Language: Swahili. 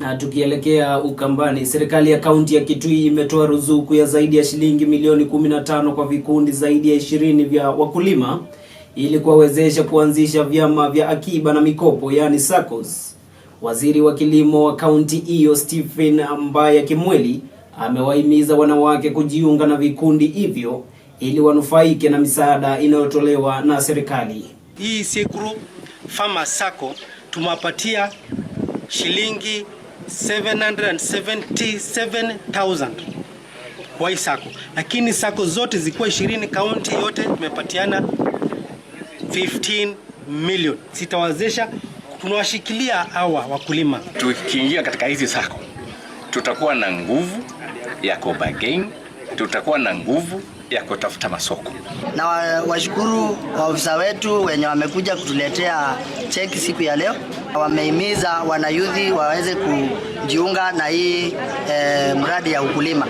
Na tukielekea Ukambani, serikali ya kaunti ya Kitui imetoa ruzuku ya zaidi ya shilingi milioni 15 kwa vikundi zaidi ya 20 vya wakulima ili kuwawezesha kuanzisha vyama vya akiba na mikopo yaani SACCOS. Waziri wa kilimo wa kaunti hiyo Stephen mbaya Kimweli amewahimiza wanawake kujiunga na vikundi hivyo ili wanufaike na misaada inayotolewa na serikali. Hii si group Farmer Sacco tumewapatia shilingi 777,000 kwa hii sako, lakini sako zote zikuwa ishirini, kaunti yote tumepatiana 15 million. Sitawawezesha, tunawashikilia hawa wakulima. Tukiingia katika hizi sako, tutakuwa na nguvu ya kobagain, tutakuwa na nguvu ya kutafuta masoko. Na washukuru wa waofisa wetu wenye wamekuja kutuletea cheki siku ya leo. Wamehimiza wanayudhi waweze kujiunga na hii eh, mradi ya ukulima.